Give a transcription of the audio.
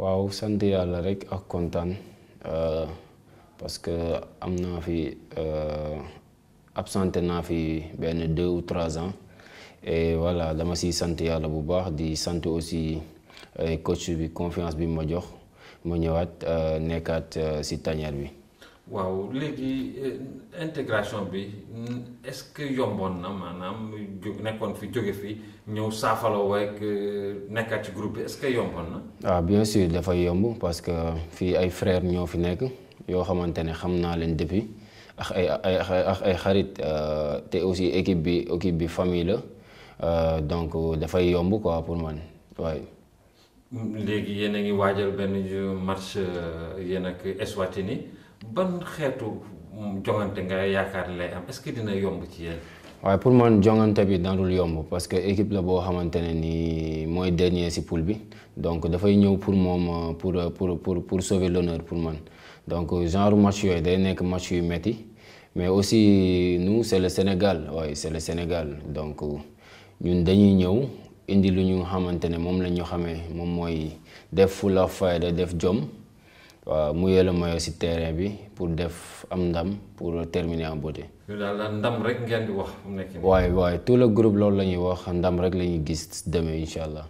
waaw sant yàlla rek ak kontaan euh, parce que am naa fi euh, absenté naa fi benn deux ou trois ans et voilà dama si sant yàlla bu baax di sant aussi euh, coach bi confiance bi ma jox ma ñëwaat nekkaat si tanière bi. waaw léegi euh, intégration euh, bi est-ce que yomboon na maanaam ah, nekkoon fi jóge fi ñëw saafaloo rek nekkaat ci groupe bi est yomboon na. waaw bien sûr dafa yomb parce que fii ay frères ñoo fi nekk yoo xamante ne xam naa leen depuis ak ay ay ak ay xarit euh, te aussi équipe bi équipe bi famille la donc dafay yomb ko pour man waaye. léegi yéen a ngi waajal benn marche yéen ak Eswatini. ban xeetu mm, jongante nga yaakaar lay am est que dina yomb ci yéen. waaye pour man jongante bi darul yomb parce que équipe la boo xamante ne ni mooy dernier ci poule bi donc dafay ñëw pour moom pour pour pour pour sauver l'honneur pour man donc genre match yooyu day nekk match yu metti mais aussi nous c'est le Sénégal waaye c'est Sénégal donc ñun dañuy ñëw indi lu ñu xamante ne moom la ñu xamee moom mooy def fulla fayda def jom. waaw mu yële maillot si terrain bi pour def am ndam pour terminer en beauté. daal ndam rek ngeen di wax waaye waaye tout le groupe loolu la ñuy wax ndam rek la ñuy gis demee incha allah.